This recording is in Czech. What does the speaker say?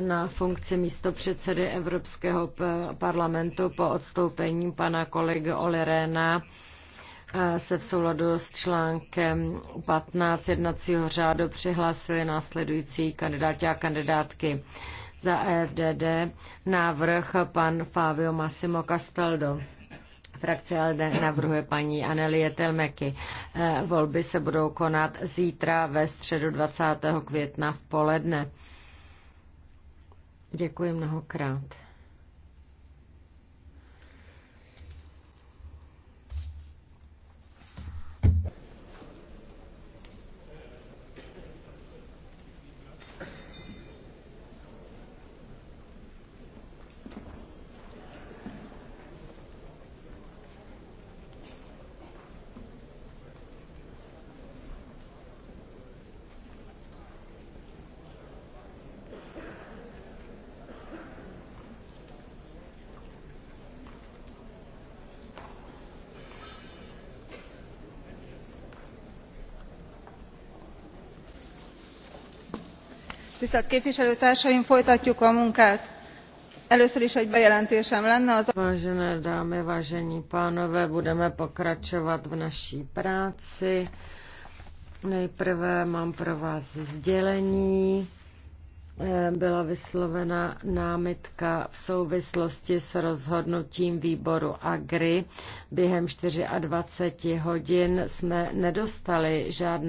na funkci místo předsedy Evropského parlamentu po odstoupení pana kolegy Olerena eh, se v souladu s článkem 15 jednacího řádu přihlásili následující kandidáti a kandidátky za EFDD návrh pan Fabio Massimo Castaldo. Frakce LD navrhuje paní Anelie Telmeky. Eh, volby se budou konat zítra ve středu 20. května v poledne. Děkuji mnohokrát. tisztelt képviselőtársaim folytatjuk a munkát. először is egy bejelentésem lenne az. vážené dámy vážení pánové budeme pokračovat v naší práci. nejprve mám pro vás sdělení eh, byla vyslovena námitka v souvislosti s rozhodnutím výboru Agri. Během 24 hodin jsme nedostali žádné